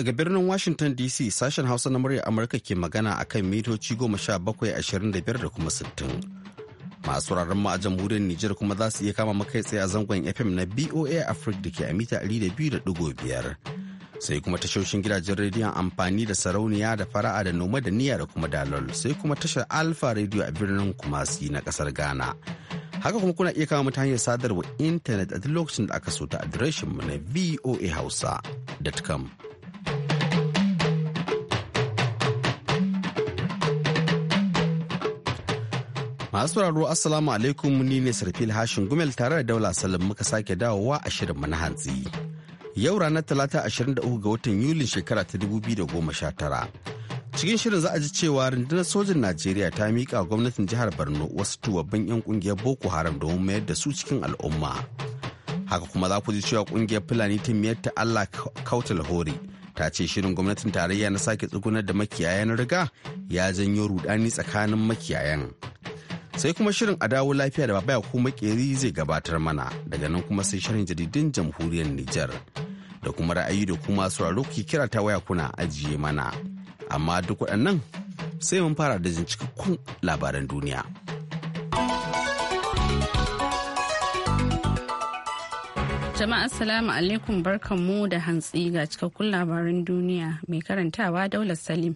daga birnin Washington DC sashen Hausa na murya Amurka ke magana a kan mitoci 1725 da kuma 60. Masu rarren mu a jamhuriyar Nijar kuma za su iya kama makai tsaye a zangon FM na BOA Africa da ke a mita 200.5. Sai kuma tashoshin gidajen rediyon amfani da sarauniya da fara'a da noma da niyya da kuma dalol sai kuma tashar Alfa Radio a birnin Kumasi na kasar Ghana. Haka kuma kuna iya kama mutane hanyar sadarwa intanet a duk lokacin da aka so ta adireshinmu mu na voahausa.com. Masu sauraro Assalamu alaikum ni ne Sarfil Hashin Gumel tare da Daula Salim muka sake dawowa a shirin na hantsi. Yau ranar Talata 23 ga watan Yulin shekara ta 2019. Cikin shirin za a ji cewa rundunar sojin Najeriya ta miƙa gwamnatin jihar Borno wasu tubabbin 'yan kungiyar Boko Haram domin mayar da su cikin al'umma. Haka kuma za ku ji cewa kungiyar Fulani ta miyar ta Allah Kautal Hori ta ce shirin gwamnatin tarayya na sake tsugunar da makiyaya riga ya janyo rudani tsakanin makiyayan. sai kuma shirin a dawo lafiya da baba kuma makeri zai gabatar mana daga nan kuma sai shirin jaridun jamhuriyar Nijar da kuma ra'ayi da kuma sauraro ki kira ta waya kuna ajiye mana amma duk waɗannan sai mun fara da cikakkun labaran duniya. Jama'a Assalamu alaikum barkanmu da hantsi ga cikakkun labaran duniya mai karantawa Daular Salim.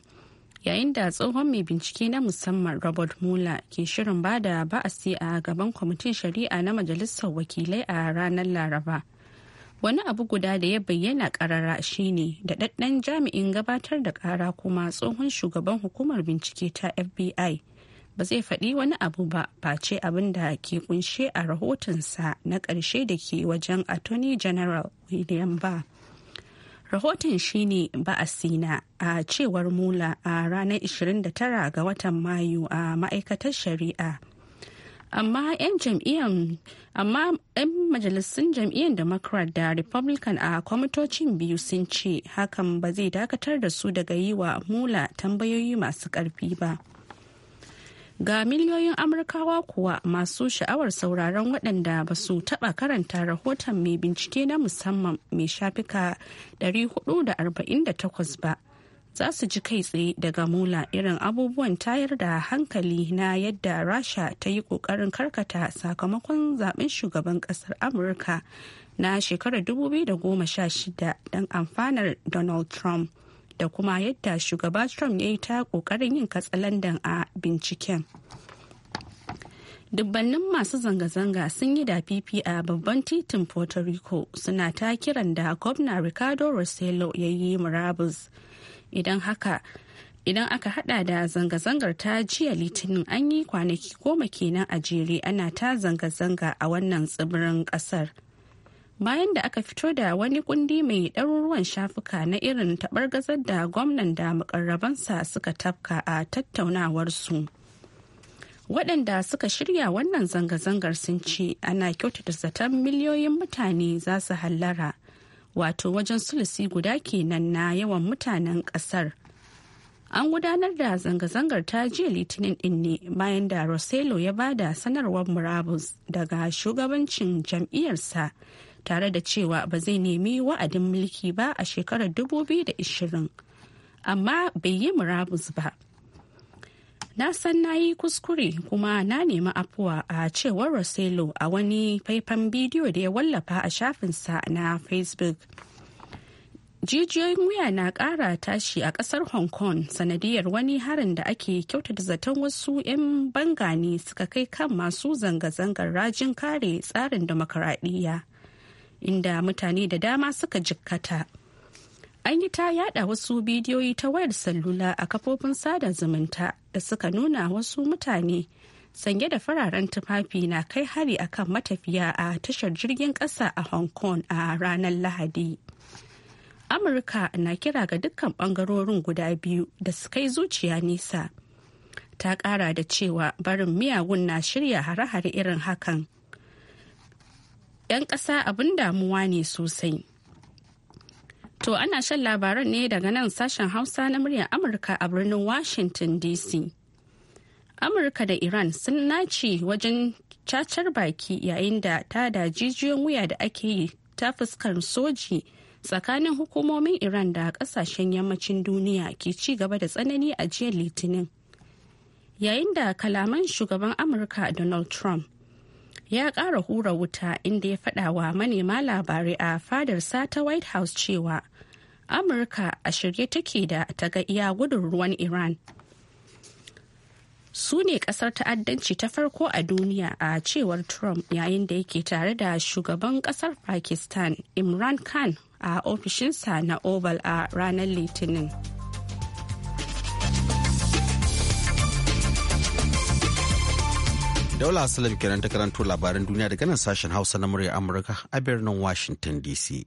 yayin da tsohon mai bincike na musamman robert mueller ke shirin ba da ba'asi a gaban kwamitin shari'a na majalisar wakilai a ranar laraba wani abu guda da ya bayyana karara shine da daddan jami'in gabatar da kara kuma tsohon shugaban hukumar bincike ta fbi ba zai faɗi wani abu ba face abin da ke kunshe a rahotonsa na ƙarshe da ke wajen attorney general william barr rahoton shine ba'asina a cewar mula a ranar 29 ga watan mayu a ma'aikatar shari'a amma 'yan jam'iyyar amma 'yan majalisun jam'iyyar democrat da republican a kwamitocin biyu sun ce hakan ba zai dakatar da su daga yi wa mula tambayoyi masu karfi ba ga miliyoyin amurkawa kuwa masu sha'awar sauraron waɗanda ba su taɓa karanta rahoton mai bincike na musamman mai shafika 448 ba za su ji kai tsaye daga mula irin abubuwan tayar da hankali na yadda rasha ta yi ƙoƙarin karkata sakamakon zaben shugaban ƙasar amurka na shekarar 2016 don amfanar donald trump da kuma yadda shugaba trump ya yi ta kokarin yin katsalandan a binciken dubbannin masu zanga-zanga sun yi da fifi a babban titin puerto rico suna ta kiran da gwamna ricardo rossello ya yi murabus idan haka idan aka hada da zanga-zangar ta jiya litinin an yi kwanaki goma kenan a jere ana ta zanga-zanga a wannan tsibirin kasar bayan da aka fito da wani kundi mai ɗaruruwan shafuka na irin gazar da gwamnan da makarrabansa suka tafka a tattaunawar su waɗanda suka shirya wannan zanga-zangar sun ce ana kyautata zaton miliyoyin mutane za su hallara wato wajen sulisi guda kenan na yawan mutanen ƙasar an gudanar da zanga-zangar ta jiya litinin ɗin ne bayan da roselo ya ba da sanarwar murabus daga shugabancin jam'iyyarsa tare da cewa ba zai nemi wa'adin mulki ba a shekarar 2020 amma bai yi murabus ba na san na yi kuskure kuma na nemi afuwa a cewar roselo a wani faifan bidiyo da ya wallafa a shafinsa na facebook jijiyoyin wuya na kara tashi a kasar hong kong sanadiyar wani harin da ake kyautata zaton wasu 'yan banga ne suka kai kan masu zanga-zangar rajin kare tsarin demokaradiyya inda mutane da dama suka jikkata. An yi ta yada wasu bidiyoyi ta wayar salula a kafofin sada zumunta da suka nuna wasu mutane sanye da fararen tufafi na kai hari akan matafiya a tashar jirgin kasa a Hong Kong a ranar Lahadi. Amurka na kira ga dukkan bangarorin guda biyu da su kai zuciya nisa. ta kara da cewa barin miyagun na shirya hare-hare irin hakan idan kasa abin damuwa ne sosai. To ana shan labaran ne daga nan sashen Hausa na muryar Amurka a birnin Washington DC. Amurka da Iran sun naci wajen cacar baki yayin da ta da jijiyoyin wuya da ake yi ta fuskar soji tsakanin hukumomin Iran da kasashen yammacin duniya ke ci gaba da tsanani a jiya Litinin. Yayin da kalaman shugaban Amurka Donald Trump ya ƙara hura wuta inda ya faɗa wa manema labarai a fadarsa ta white house cewa amurka a shirye take da ta ga iya gudun ruwan iran su ne kasar ta'addanci ta farko a duniya a cewar trump yayin da yake tare da shugaban kasar pakistan imran khan a ofishinsa na oval a ranar litinin. Daula Salam kenan ta karanto labaran duniya daga nan sashen Hausa na murya Amurka a birnin Washington DC.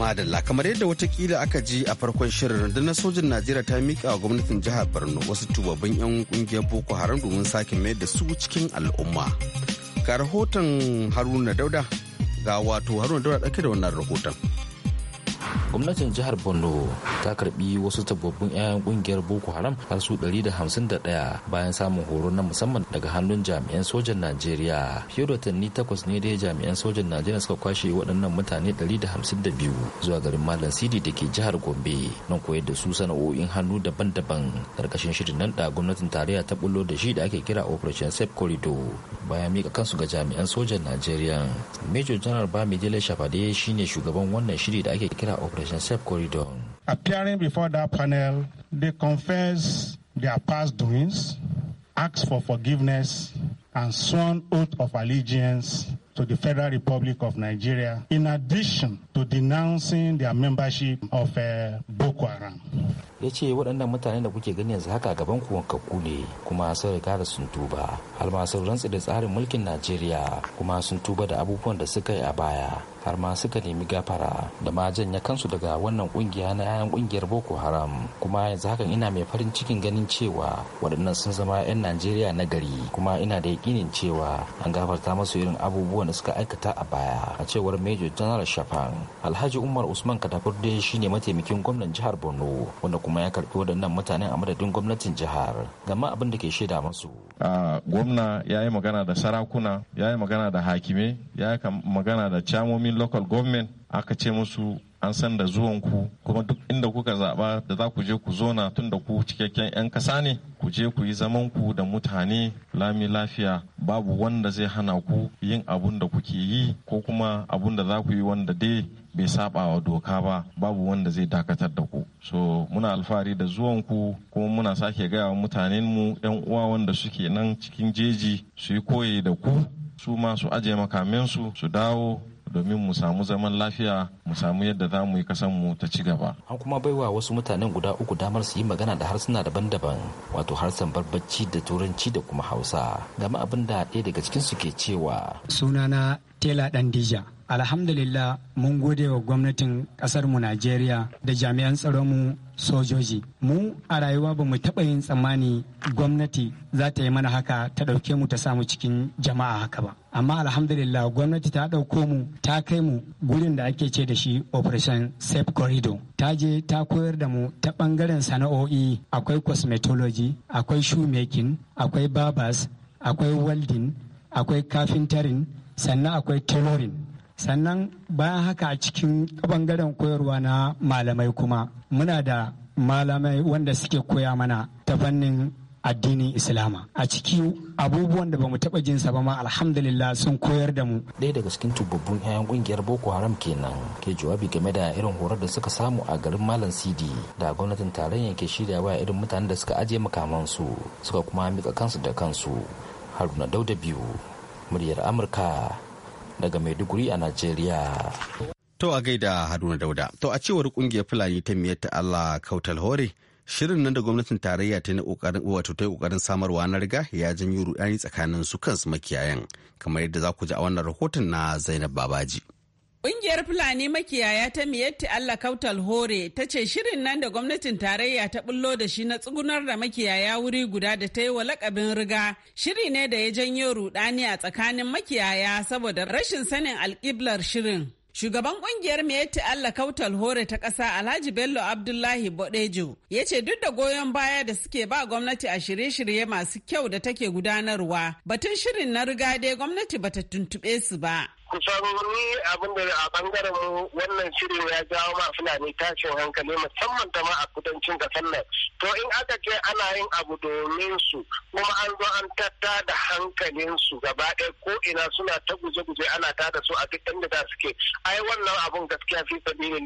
Madalla kamar yadda watakila aka ji a farkon shirin rundunar sojin Najeriya ta miƙa wa gwamnatin jihar Borno wasu tubabbin 'yan kungiyar Boko Haram domin sake mayar da su cikin al'umma. Ga rahoton Haruna Dauda ga wato Haruna Dauda ɗauke da wannan rahoton. gwamnatin jihar borno ta karbi wasu tabbabin 'ya'yan kungiyar boko haram har su 151 bayan samun horo na musamman daga hannun jami'an sojan najeriya fiye da watanni takwas ne dai jami'an sojan najeriya suka kwashe waɗannan mutane 152 zuwa garin malam sidi da ke jihar gombe nan koyar da su sana'o'in hannu daban-daban karkashin shirin nan da gwamnatin tarayya ta bullo da shi da ake kira operation safe corridor bayan mika kansu ga jami'an sojan najeriya major general bamidele shafade shine shugaban wannan shiri da ake kira operation operation safe corridor. Appearing before that panel, they confess their past doings, ask for forgiveness, and sworn oath of allegiance to the Federal Republic of Nigeria, in addition to denouncing their membership of uh, Boko Haram. ya ce waɗannan mutanen da kuke gani yanzu haka gaban ku kuwankakku ne kuma sun riga da sun tuba har ma sun rantsi da tsarin mulkin najeriya kuma sun tuba da abubuwan da suka yi a baya har ma suka nemi gafara da ma janye kansu daga wannan kungiya na yayan kungiyar boko haram kuma yanzu hakan ina mai farin cikin ganin cewa waɗannan sun zama 'yan najeriya na gari kuma ina da yakinin cewa an gafarta masu irin abubuwan da suka aikata a baya a cewar major general shafan alhaji umar usman katafurde shine mataimakin gwamnan jihar borno wanda kuma ya karɓi waɗannan mutanen a madadin gwamnatin jihar gama abin da ke shaida masu gwamna ya yi magana da sarakuna ya yi magana da hakime ya yi magana da camomi wurin local government aka ce musu an san da zuwan ku kuma duk inda kuka zaɓa da za ku je ku zona tun da ku cikakken 'yan ƙasa ne ku je ku yi zaman ku da mutane lami lafiya babu wanda zai hana ku yin abun da kuke yi ko kuma abun da za ku yi wanda dai bai saba wa doka ba babu wanda zai dakatar da ku so muna alfahari da zuwan ku kuma muna sake gaya wa mutanen mu yan uwa wanda suke nan cikin jeji su yi koyi da ku su masu su aje makamin su su dawo domin mu samu zaman lafiya mu samu yadda za mu yi kasan mu ta ci gaba. An kuma baiwa wasu mutanen guda uku damar su yi magana da harsuna daban-daban wato harsan barbarci da turanci da kuma hausa game abin da ɗaya daga cikin su ke cewa. Sunana Tela Dandija. alhamdulillah mun gode wa gwamnatin mu najeriya da jami'an tsaronmu sojoji mu a rayuwa ba mu taɓa yin tsammani gwamnati za ta yi mana haka ta ɗauke mu ta samu cikin jama'a haka ba amma alhamdulillah gwamnati ta ɗauko mu ta kai mu gurin da ake ce da shi operation safe corridor ta je ta koyar da mu ta ɓangaren sana'o'i akwai cosmetology akwai shoemaking akwai barbers akwai welding akwai kafintarin sannan akwai tailoring sannan bayan haka a cikin bangaren koyarwa na malamai kuma muna da malamai wanda suke koya mana ta fannin addinin islama a ciki abubuwan da bamu taba jin sa ba ma alhamdulillah sun koyar da mu ɗaya daga cikin tubabbun 'ya'yan ƙungiyar boko haram kenan ke jawabi game da irin horar da suka samu a garin malam sidi da gwamnatin tarayya ke shiryawa irin mutanen da suka ajiye makamansu suka kuma mika kansu da kansu haruna dauda biyu muryar amurka daga Maiduguri a Najeriya. To a gaida Haruna Dauda. To a cewar kungiyar Fulani ta miyatta Allah Kautal Hore, shirin nan da gwamnatin tarayya ta yi kokarin wato ta kokarin samarwa na riga ya janyo rudani tsakanin su kansu makiyayan kamar yadda za ku ji a wannan rahoton na Zainab Babaji. Ƙungiyar Fulani makiyaya ta Miyatti Allah Kautal Hore ta ce shirin nan da gwamnatin tarayya ta bullo da shi na tsugunar da makiyaya wuri guda da ta yi wa lakabin riga shiri ne da ya janyo rudani a tsakanin makiyaya saboda rashin sanin alƙiblar shirin. Shugaban ƙungiyar Miyatti Allah Kautal Hore ta ƙasa Alhaji Bello Abdullahi Bodejo ya ce duk da goyon baya da suke ba gwamnati a shirye-shirye masu kyau da take gudanarwa batun shirin na riga dai gwamnati bata tuntuɓe su ba. kusan ni abin da a bangaren mu wannan shirin ya jawo ma fulani tashin hankali musamman ta ma a kudancin kasar nan to in aka ce ana yin abu domin su kuma an zo an ta ta da hankalinsu gaba ɗaya ko ina suna ta guje-guje ana ta da su a duk inda da suke ai wannan abun gaskiya fi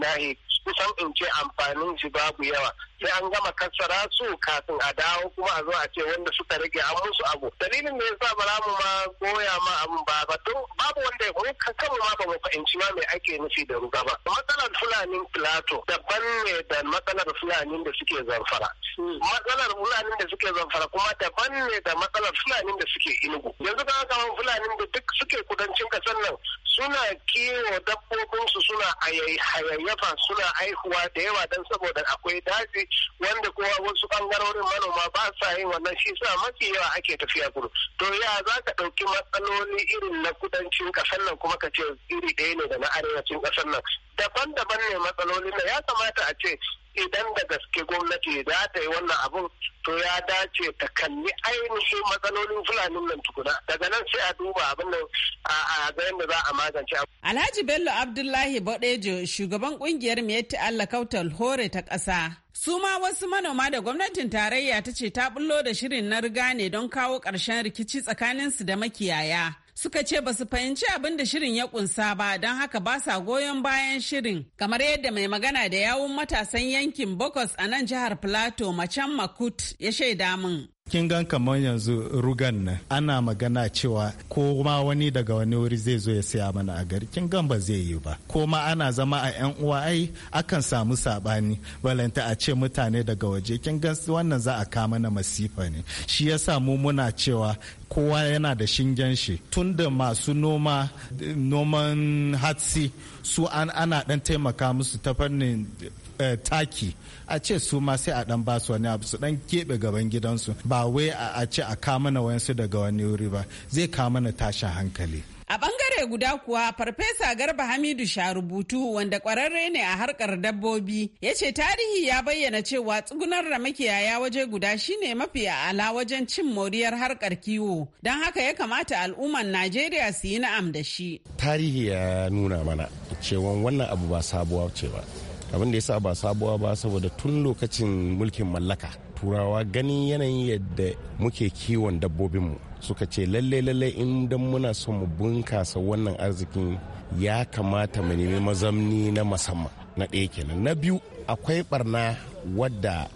na yi kusan in ce amfanin shi babu yawa sai an gama kassara su kafin a dawo kuma a zo a ce wanda suka rage an musu abu dalilin da yasa bara mu ma goya ma abun ba ba don babu wanda ya mu kanmu ma ba mu fahimci ma mai ake nufi da ruga ba matsalar fulanin plato daban ne da matsalar fulanin da suke zamfara hmm. matsalar fulanin da suke zamfara kuma daban ne da matsalar fulanin fulanin da suke inugu yanzu ka ga fulanin da duk suke kudancin kasar nan suna kiwo dabbobinsu suna hayayyafa suna haihuwa da yawa don saboda akwai daji wanda kowa wasu bangarorin manoma ba sa yin wannan shi sa mafi yawa ake tafiya kudu to ya za ka ɗauki matsaloli irin na kudancin kasar nan kuma ka ce iri ɗaya ne da na arewacin kasar nan daban-daban ne matsalolin da ya kamata a ce idan da gaske gwamnati za ta yi wannan abun to ya dace ta kalli ainihin matsalolin fulani nan tukuna daga nan sai a duba abin nan a ga yadda za a magance Alhaji Bello Abdullahi Bodejo shugaban kungiyar Miyatti Allah Kautal Hore ta ƙasa Suma wasu manoma da gwamnatin tarayya ta ce ta bullo da shirin na riga ne don kawo ƙarshen rikici tsakaninsu da makiyaya. suka ce ba su fahimci abin da shirin ya kunsa ba don haka ba sa goyon bayan shirin kamar yadda mai magana da yawun matasan yankin bokos a nan jihar plateau macen makut ya shaida min kin gan kamar yanzu rugan nan ana magana cewa ko ma wani daga wani wuri zai zo ya saya mana a gari kin gan ba zai yi ba ko ma ana zama a yan uwa ai akan samu sabani balanta a ce mutane daga waje kin gan wannan za a kama na masifa ne shi yasa mu muna cewa kowa yana da shingen shi tunda masu noma eh, noman hatsi su an ana dan taimaka musu ta fannin eh, taki a ce su ma sai a dan ba su wani abu su dan keɓe gaban gidansu ba wai a ce a kamana wayansu daga wani wuri ba zai kamana tashin hankali a bangare guda kuwa farfesa garba hamidu sharubutu wanda kwararre ne a harkar dabbobi ya ce tarihi ya bayyana cewa tsugunar da makiyaya waje guda shine mafi ala wajen cin moriyar harkar kiwo don haka ya kamata al'umman najeriya su yi na'am da shi tarihi ya nuna mana cewa wannan abu ba sabuwa ce ba abin da yasa ba sabuwa ba saboda tun lokacin mulkin mallaka turawa ganin yanayin yadda muke kiwon dabbobinmu suka ce lalle lalle in dan muna son mu bunkasa wannan arzikin ya kamata mu nemi mazamni na musamman na ɗaya kenan na biyu akwai barna wadda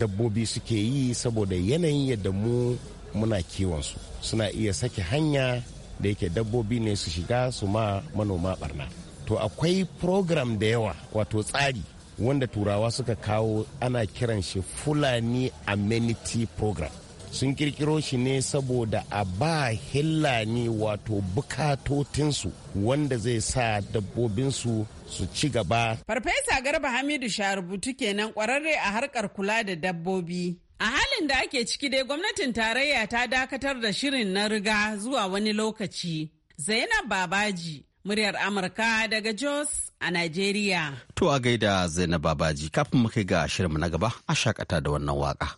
dabbobi suke yi saboda yanayin yadda mu muna su suna iya sake hanya da yake dabbobi ne su shiga su ma manoma barna to akwai program da yawa wato tsari wanda turawa suka kawo ana kiran shi fulani amenity program sun kirkiro shi ne saboda a ba hillani wato bukatotinsu wanda zai sa dabbobinsu su ci gaba. Farfesa Garba Hamidu Sharubutu kenan kwararre a harkar kula da dabbobi. A halin da ake ciki dai gwamnatin tarayya ta dakatar da shirin na riga zuwa wani lokaci. Zainab Babaji Muryar Amurka daga Jos a Najeriya. To a gaida Zainab Babaji kafin mu kai ga shirinmu na gaba a shakata da wannan waka.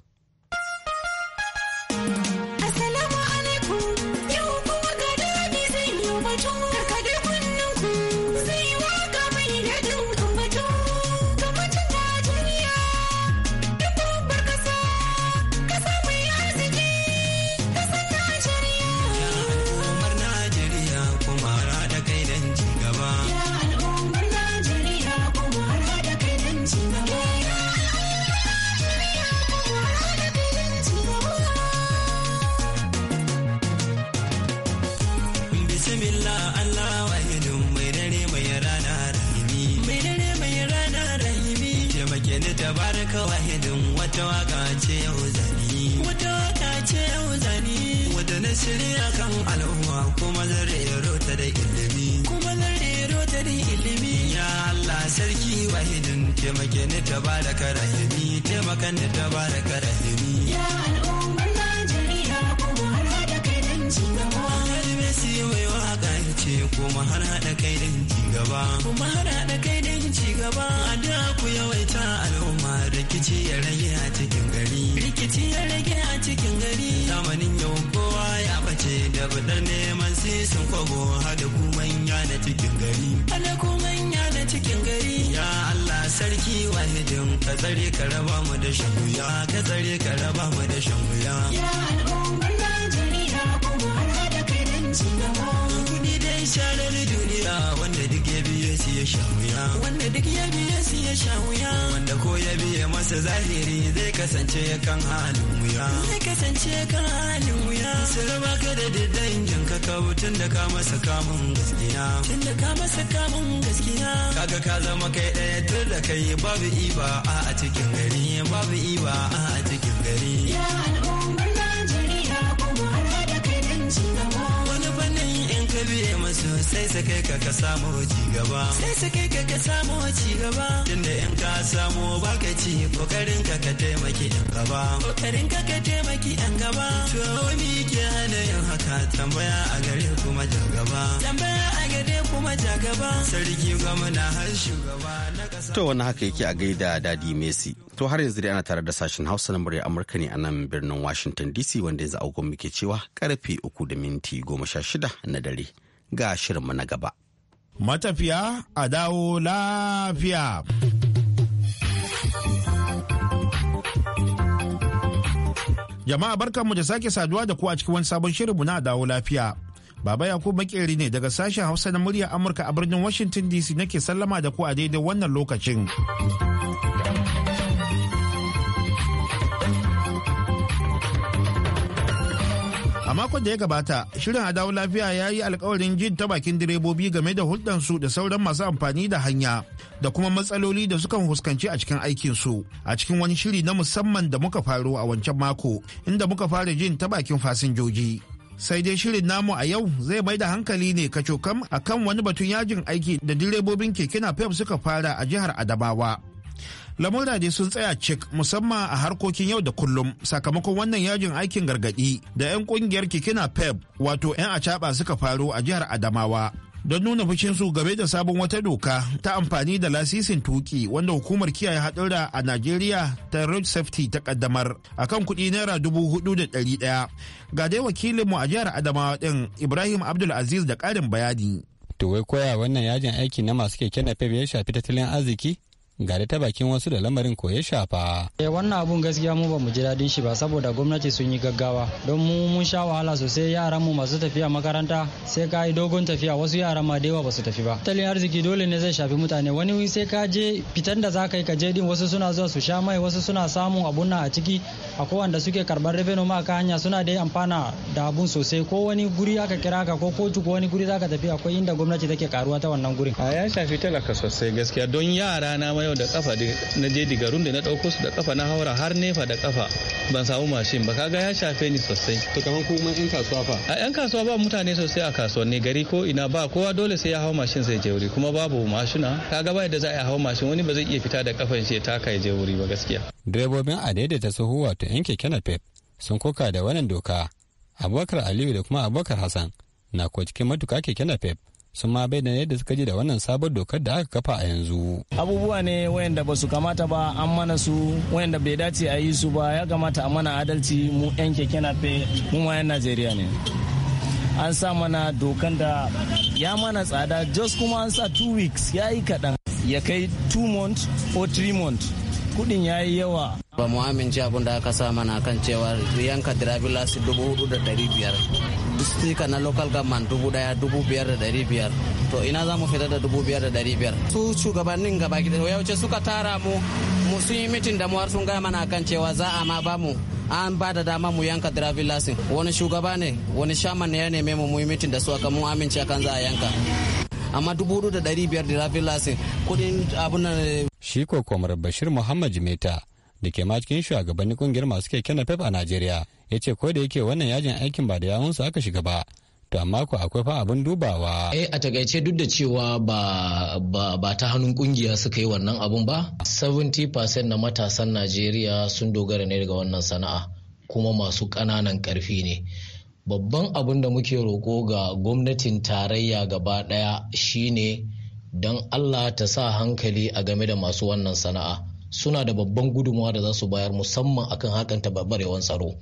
san kwabo hada kumanya manya na cikin gari hada kumanya manya na cikin gari ya Allah sarki wahidin ka tsare ka raba mu da shan wuya ka tsare ka raba mu da shan wuya ya al'ummar Najeriya kuma an hada kai dan ci an sharar duniya wanda duk ya biye su ya sha wuya wanda duk ya biye su ya sha wuya wanda ko ya biye masa zahiri zai kasance kan halin wuya zai kasance kan halin wuya su raba ka da dangin ka kawo tun da ka masa kamun gaskiya tun da ka masa kamun gaskiya kaga ka zama kai ɗaya tun da kai babu iba a cikin gari babu iba a cikin gari ya biye masu sai sake kai ka ka samu ci gaba sai sake kai ka ka samu ci gaba samu ci kokarin ka ka taimaki yan gaba kokarin ka ka taimaki yan gaba to ni ke hana yin haka tambaya a gare kuma gaba. tambaya a gare kuma gaba. sarki gwamna har shugaba na kasa to wani haka yake a gaida dadi messi to har yanzu dai ana tare da sashen hausa na murya amurka ne a nan birnin washington dc wanda yanzu agon muke cewa karfe uku da minti goma sha shida na dare ga shirinmu na gaba matafiya a dawo lafiya Jama'a mu da sake saduwa da ku a cikin wani sabon shirin mu na dawo lafiya. Baba Yakubu Makeri ne daga sashen Hausa na murya Amurka a birnin Washington DC nake sallama da ku a daidai wannan lokacin. A makon da ya gabata, shirin a lafiya ya yi alkawarin jin ta bakin direbobi game da hulɗansu da sauran masu amfani da hanya da kuma matsaloli da sukan fuskanci a cikin aikinsu a cikin wani shiri na musamman da muka faru a wancan mako inda muka fara jin ta bakin fasinjoji. Sai dai shirin namu a yau zai mai da hankali ne kacokam a kan wani batun yajin aiki da direbobin keke pep suka fara a jihar Adamawa. lamurra dai sun tsaya cik musamman a harkokin yau da kullum sakamakon wannan yajin aikin gargadi da 'yan kungiyar kikina pep wato 'yan acaba suka faru a jihar adamawa don nuna fushin su game da sabon wata doka ta amfani da lasisin tuki wanda hukumar kiyaye haɗura a najeriya ta road safety ta kaddamar akan kuɗi naira dubu hudu da ɗari ɗaya ga dai wakilinmu a jihar adamawa ɗin ibrahim abdulaziz da ƙarin bayani to wai koya wannan yajin aiki na masu keke na ya shafi tattalin arziki ga da ta bakin wasu da lamarin ko ya shafa. Eh wannan abun gaskiya mu ba mu ji dadin shi ba saboda gwamnati sun yi gaggawa don mu mun sha wahala sosai yaran mu masu tafiya makaranta sai ka yi dogon tafiya wasu yaran ma da yawa su tafi ba. Tattalin arziki dole ne zai shafi mutane wani sai ka je fitan da za ka yi ka je din wasu suna zuwa su sha mai wasu suna samun abun nan a ciki akwai wanda suke karbar revenue ma ka hanya suna dai amfana da abun sosai ko wani guri aka kira ka ko kotu ko wani guri za ka tafi akwai inda gwamnati take karuwa ta wannan gurin. A ya shafi talaka sosai gaskiya don yara na kuma yau da kafa na je diga da na dauko su da kafa na haura har nefa da kafa ban samu mashin ba kaga ya shafe ni sosai to kaman kuma yan kasuwa fa a yan kasuwa ba mutane sosai a kasuwanni gari ko ina ba kowa dole sai ya hau mashin sai je wuri kuma babu mashina kaga ba yadda za a hau mashin wani ba zai iya fita da kafan shi ya taka ya je wuri ba gaskiya direbobin a ta sahu wato yan keke napep sun koka da wannan doka abubakar aliyu da kuma abubakar hassan na ko cikin matuka keke napep sun ma bayyana yadda suka ji da wannan sabon dokar da aka kafa a yanzu. Abubuwa ne wayanda ba su kamata ba an mana su wayanda bai dace a yi su ba ya kamata a mana adalci mu 'yan keke nafe mu ma 'yan Najeriya ne. An sa mana dokan da ya mana tsada just kuma an sa two weeks ya yi kaɗan ya kai two months or three months kuɗin ya yi yawa. Ba mu amince abin da aka sa mana kan cewa yanka dirabila su dubu hudu da ɗari biyar. distrika na local government dubu daya dubu biyar da dari biyar to ina za mu fita da dubu biyar da dari biyar su shugabannin gaba gida yauce suka tara mu mu sun yi mitin da mu har sun gaya mana kan cewa za a ma ba mu an ba da dama mu yanka driving license wani shugaba ne wani shaman ne ya neme mu yi mitin da su aka mu amince akan za a yanka amma dubu da dari biyar driving license kudin abun nan eh, shi ko komar bashir muhammad jimeta da ke ma cikin shugabannin kungiyar masu keke na pep a najeriya ya ce ko da yake wannan yajin aikin ba da yawunsu aka shiga ba to amma ko akwai fa abin dubawa. Eh a takaice duk da cewa ba, ta hannun kungiya suka yi wannan abun ba. 70% na matasan Najeriya sun dogara ne daga wannan sana'a kuma masu kananan karfi ne. Babban abin da muke roko ga gwamnatin tarayya gaba daya shine don Allah ta sa hankali a game da masu wannan sana'a. Suna da babban gudunmawa da za su bayar musamman akan hakan yawan tsaro.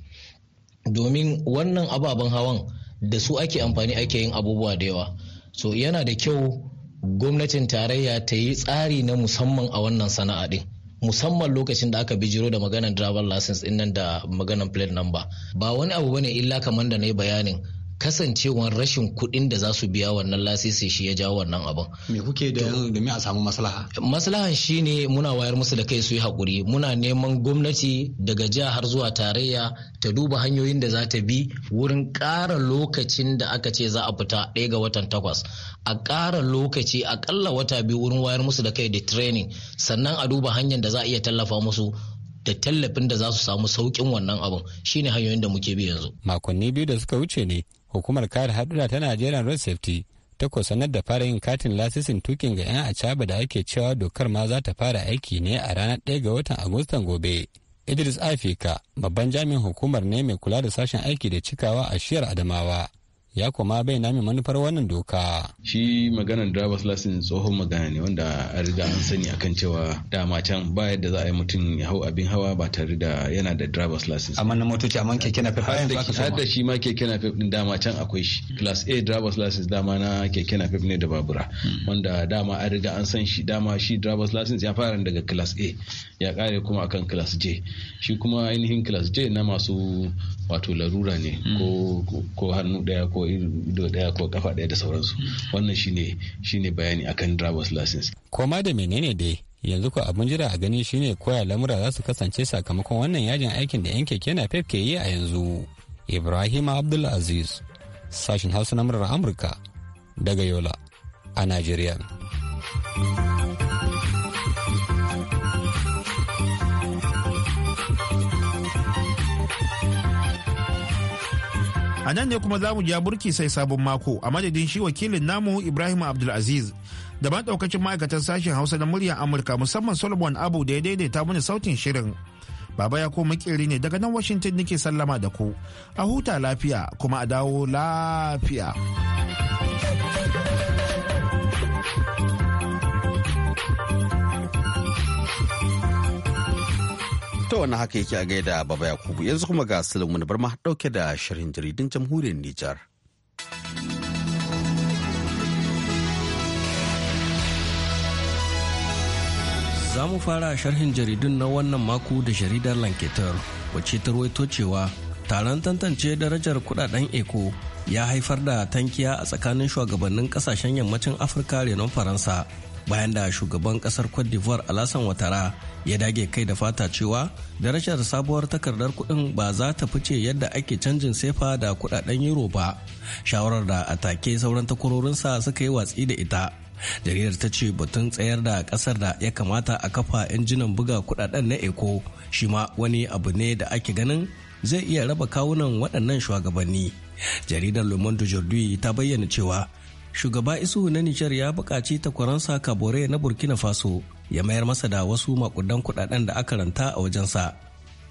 domin wannan ababen hawan da su ake amfani ake yin abubuwa da yawa so yana da kyau gwamnatin tarayya ta yi tsari na musamman a wannan sana'a din musamman lokacin da aka bijiro da maganar driver license din nan da maganar plate number ba wani abu bane illa kamar da na yi bayanin kasancewar rashin kuɗin da za su biya wannan lasisi shi ya jawo wannan abin. Me kuke da domin a samu maslaha? Maslahan shi ne muna wayar musu da kai su yi haƙuri. Muna neman gwamnati daga jiha har zuwa tarayya ta duba hanyoyin da za ta bi wurin ƙara lokacin da aka ce za a fita ɗaya ga watan takwas. A ƙara lokaci aƙalla wata biyu wurin wayar musu da kai da training sannan a duba hanyar da za a iya tallafa musu da tallafin da za su samu saukin wannan abun shine hanyoyin da muke bi yanzu. Makonni biyu da suka wuce ne hukumar kare hadura ta Najeriya Road Safety ta sanar da fara yin katin lasisin tukin ga 'yan acaba da ake cewa dokar ma za ta fara aiki ne a ranar 1 ga watan Agustan gobe. Idris Afika babban jami'in hukumar ne mai kula da sashen aiki da cikawa a shiyar Adamawa ya kuma bai nami manufar wannan doka. Shi maganar driver's license tsohon magana ne wanda a riga an sani akan cewa dama can ba yadda za a yi mutum ya hau abin hawa ba tare da yana da driver's license. Amma na motoci amma keke napep har yanzu aka Har da shi ma keke napep din dama can akwai shi. Class A driver's license dama na keke napep ne da babura. Hmm. Wanda dama an riga an san shi dama shi driver's license ya fara daga class A ya kare kuma akan class J. Shi kuma ainihin class J na masu wato larura ne hmm. ko hannu daya ko ido daya ko kafa daya da sauransu wannan shine shine bayani akan driver's license koma da menene dai yanzu ko abin jira a gani shine koya lamura za su kasance sakamakon wannan yajin aikin da yan keke na ke yi a yanzu ibrahim abdul aziz sashin hausa na murar amurka daga yola a najeriya a nan ne kuma za mu ja burki sai sabon mako a madadin shi wakilin namu ibrahim abdulaziz da ban daukacin ma'aikatan sashen hausa na muryar amurka musamman solomon abu da ya daidaita mana sautin shirin baba ya ko makeri ne daga nan washington nake sallama da ku a huta lafiya kuma a dawo lafiya. ta wani haka yake a gaida baba yakubu yanzu kuma ga wani barma dauke da shirin jaridun jamhuriyar nijar za mu fara sharhin jaridun na wannan mako da jaridar lanketar wacce ta ruwaito cewa taron tantance darajar kudaden eko ya haifar da tankiya a tsakanin shugabannin kasashen yammacin afirka renon faransa bayan da shugaban kasar cote d'ivoire alasan watara ya dage kai da fata cewa darajar sabuwar takardar kuɗin ba za ta fice yadda ake canjin sefa da kuɗaɗen euro ba shawarar da a take sauran takwarorinsa suka yi watsi da ita jaridar ta ce batun tsayar da ƙasar da ya kamata a kafa injinan buga kuɗaɗen na eko shi ma wani abu ne da ake ganin zai iya raba kawunan waɗannan shugabanni jaridar le monde ta bayyana cewa shugaba isu na nijar ya buƙaci takwaransa kabore na burkina faso ya mayar masa da wasu makudan kudaden da aka ranta a wajensa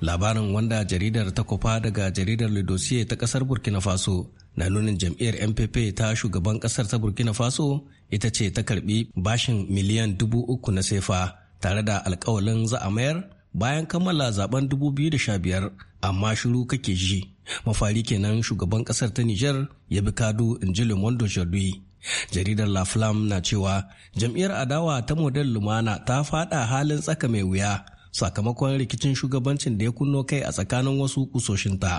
labarin wanda jaridar ta kufa daga jaridar le dossier ta kasar burkina faso na nunin jam'iyyar mpp ta shugaban kasar ta burkina faso ita ce ta karbi bashin miliyan dubu uku na sefa tare da alkawalin za a mayar bayan kammala zaben 2015 amma shiru kake ji mafari kenan shugaban kasar ta niger ya bi kado in ji le monde jaridar la flam na cewa jam'iyyar adawa ta model lumana ta fada halin tsaka mai wuya sakamakon rikicin shugabancin da ya kunno kai a tsakanin wasu kusoshinta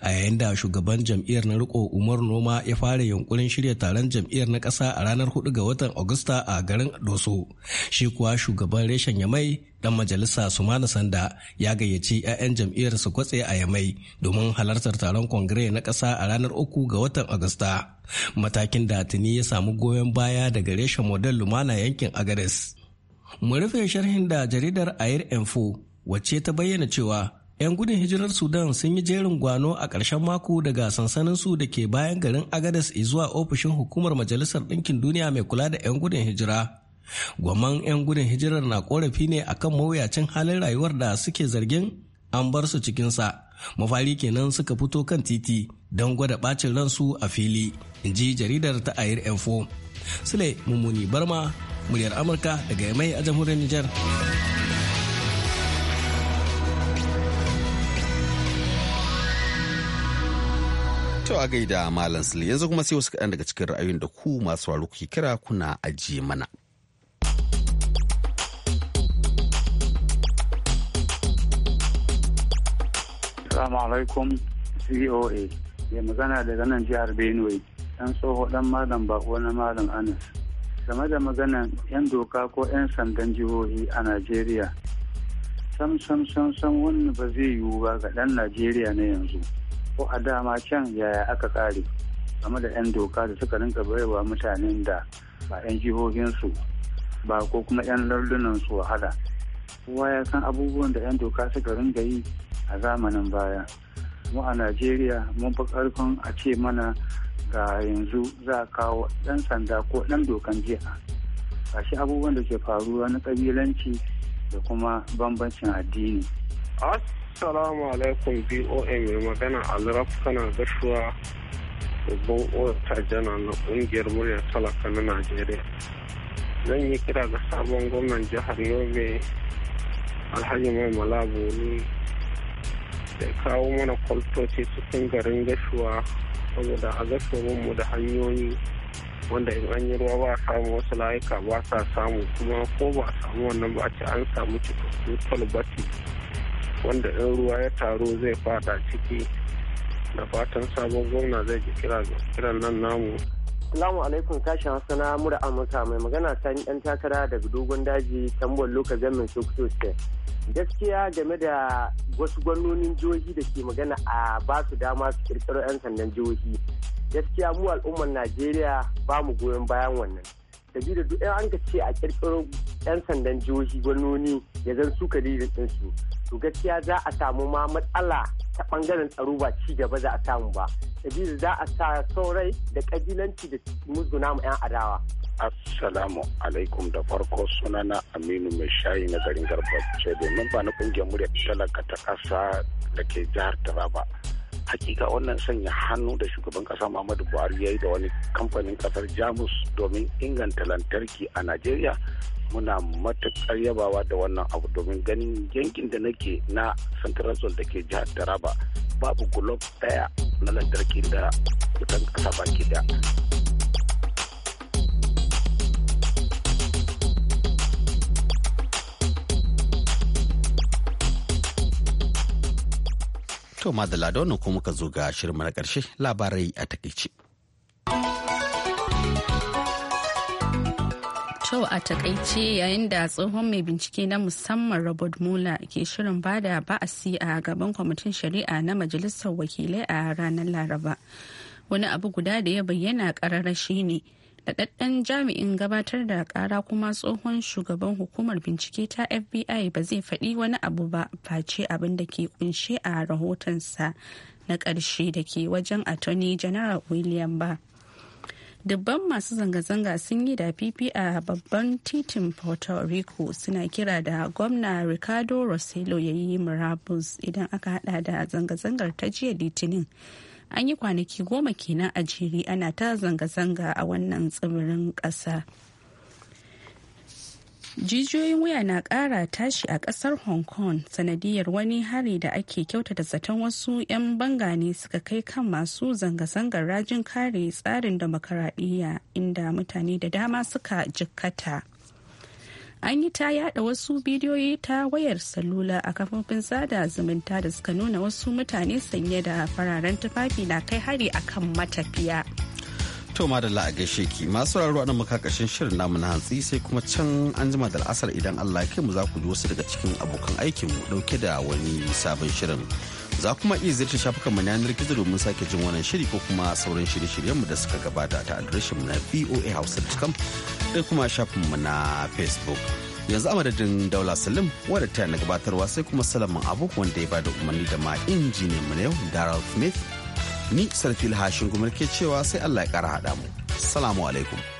a yayin da shugaban jam'iyyar na riko umar noma ya fara yunkurin shirya taron jam'iyyar na ƙasa a ranar 4 ga watan agusta a garin doso shi kuwa shugaban reshen yamai dan majalisa sumana sanda ya gayyaci 'ya'yan jam'iyyar su kwatse a yamai domin halartar taron kongire na ƙasa a ranar 3 ga watan agusta matakin da tuni ya samu goyon baya daga reshen model lumana yankin agares mu rufe sharhin da jaridar air info wacce ta bayyana cewa 'Yan gudun hijirar Sudan sun yi jerin gwano a ƙarshen mako daga sansanin su da ke bayan garin Agadas zuwa ofishin hukumar Majalisar Ɗinkin Duniya mai kula da 'yan gudun hijira. Gwamman 'yan gudun hijirar na korafi ne akan mawuyacin halin rayuwar da suke zargin an bar su cikinsa. Mafari kenan suka fito kan titi don gwada ɓacin ransu a fili, in ji jaridar ta Ayir Info. Sule Mummuni Barma, muryar Amurka daga Yamai a jamhuriyar Nijar. To a gaida Malam Sule yanzu kuma sai wasu kaɗan daga cikin ra'ayoyin da ku masu waro kuke kira kuna ajiye mana. Assalamu alaikum COA ya magana daga nan jihar Benue ɗan tsoho ɗan malam bako na malam Anas. Game da maganan 'yan doka ko 'yan sandan jihohi a Najeriya. Sam sam sam sam wannan ba zai yiwu ba ga ɗan Najeriya na yanzu. ko a dama can yaya aka kare game da 'yan doka da suka rinka baiwa mutanen da ba 'yan jihohinsu ba ko kuma 'yan su wahala kowa ya san abubuwan da 'yan doka suka ringa yi a zamanin baya mu a najeriya mun fi karfin a ce mana ga yanzu za a kawo ɗan sanda ko ɗan dokan jiha shi abubuwan da ke faruwa na ƙabilanci da kuma bambancin addini Assalamu alaikum BOA mai magana Alraf kana gashuwa babban ta jana na ƙungiyar murya talaka na Najeriya. Zan yi kira ga sabon gwamnan jihar Yobe Alhaji Mai ne da kawo mana kwaltoci cikin garin gashuwa saboda a gashuwa mu da hanyoyi wanda in an yi ruwa ba samu wasu layuka ba sa samu kuma ko ba samu wannan ba a ce an samu cikakkun kwalbati wanda in ruwa ya taru zai fada ciki da fatan sabon gwamna zai ji kiran nan namu Salamu alaikum sashen hassana na mura Amurka mai magana sani yan takara daga dogon daji tambon lokacin zamin Sokoto State. Gaskiya game da wasu gwamnonin jihohi da ke magana a ba su dama su kirkiro 'yan sandan jihohi. Gaskiya mu al'ummar Najeriya ba mu goyon bayan wannan. Sabida duk 'yan an ce a kirkiro 'yan sandan jihohi gwamnoni ya zan suka su to gaskiya za a samu ma matsala ta bangaren tsaro ba ci gaba za a samu ba sabida za a sa saurai da kabilanci da musguna mu 'yan adawa assalamu alaikum da farko sunana aminu mai shayi na garin garbace domin ba na kungiyar murya talaka ta kasa da ke jihar taraba hakika wannan sanya hannu da shugaban kasa muhammadu buhari ya yi da wani kamfanin kasar jamus domin inganta lantarki a najeriya muna matuƙar yabawa da wannan abu domin ganin yankin da nake na central zone da ke jihar taraba babu gulob daya na lantarki da wutan ƙasa baki da To madalla da wannan kuma ka zo ga shirin na ƙarshe labarai a takaice. To a takaice yayin da tsohon mai bincike na musamman Robert Mula ke shirin bada ba'asi a gaban kwamitin shari'a na majalisar wakilai a ranar Laraba. Wani abu guda da ya bayyana karara ne daɗaɗɗen jami'in gabatar da ƙara kuma tsohon shugaban hukumar bincike ta fbi ba zai faɗi wani abu ba face abin da ke kunshe a rahotonsa na ƙarshe da ke wajen attorney general william ba. dubban masu zanga-zanga sun yi da fifi a babban titin puerto rico suna kira da gwamna ricardo rossello ya yi murabus idan aka hada da zanga-zangar ta jiya litinin an yi kwanaki goma kenan a jere ana ta zanga-zanga a wannan tsibirin ƙasa. jijiyoyin wuya na kara tashi a kasar hong kong sanadiyar wani hari da ake kyautata zaton wasu 'yan banga ne suka kai kan masu zanga-zangar rajin kare tsarin demokaradiyya inda mutane da dama suka jikkata an yi ta yada wasu bidiyoyi ta wayar salula a kafofin sada zumunta da suka nuna wasu mutane sanye da fararen tufafi na kai hari akan matafiya. To madalla a gaishe ki masu raro nan muka kashin shirin namu na hantsi sai kuma can an jima da al'asar idan Allah ya mu za ku ji wasu daga cikin abokan aikin mu dauke da wani sabon shirin. Za kuma iya ziyartar shafukan mu yanar gizo domin sake jin wannan shiri ko kuma sauran shirye-shiryen mu da suka gabata ta adireshin mu na voahouse.com da kuma shafin mu na Facebook. yanzu amadadin daula salim wadda ta na gabatarwa sai kuma salaman abu wanda ya bada umarni da ma injiniyan mu na yau daryl smith ni sarfil hashin kuma ke cewa sai allah ya kara haɗa mu salamu alaikum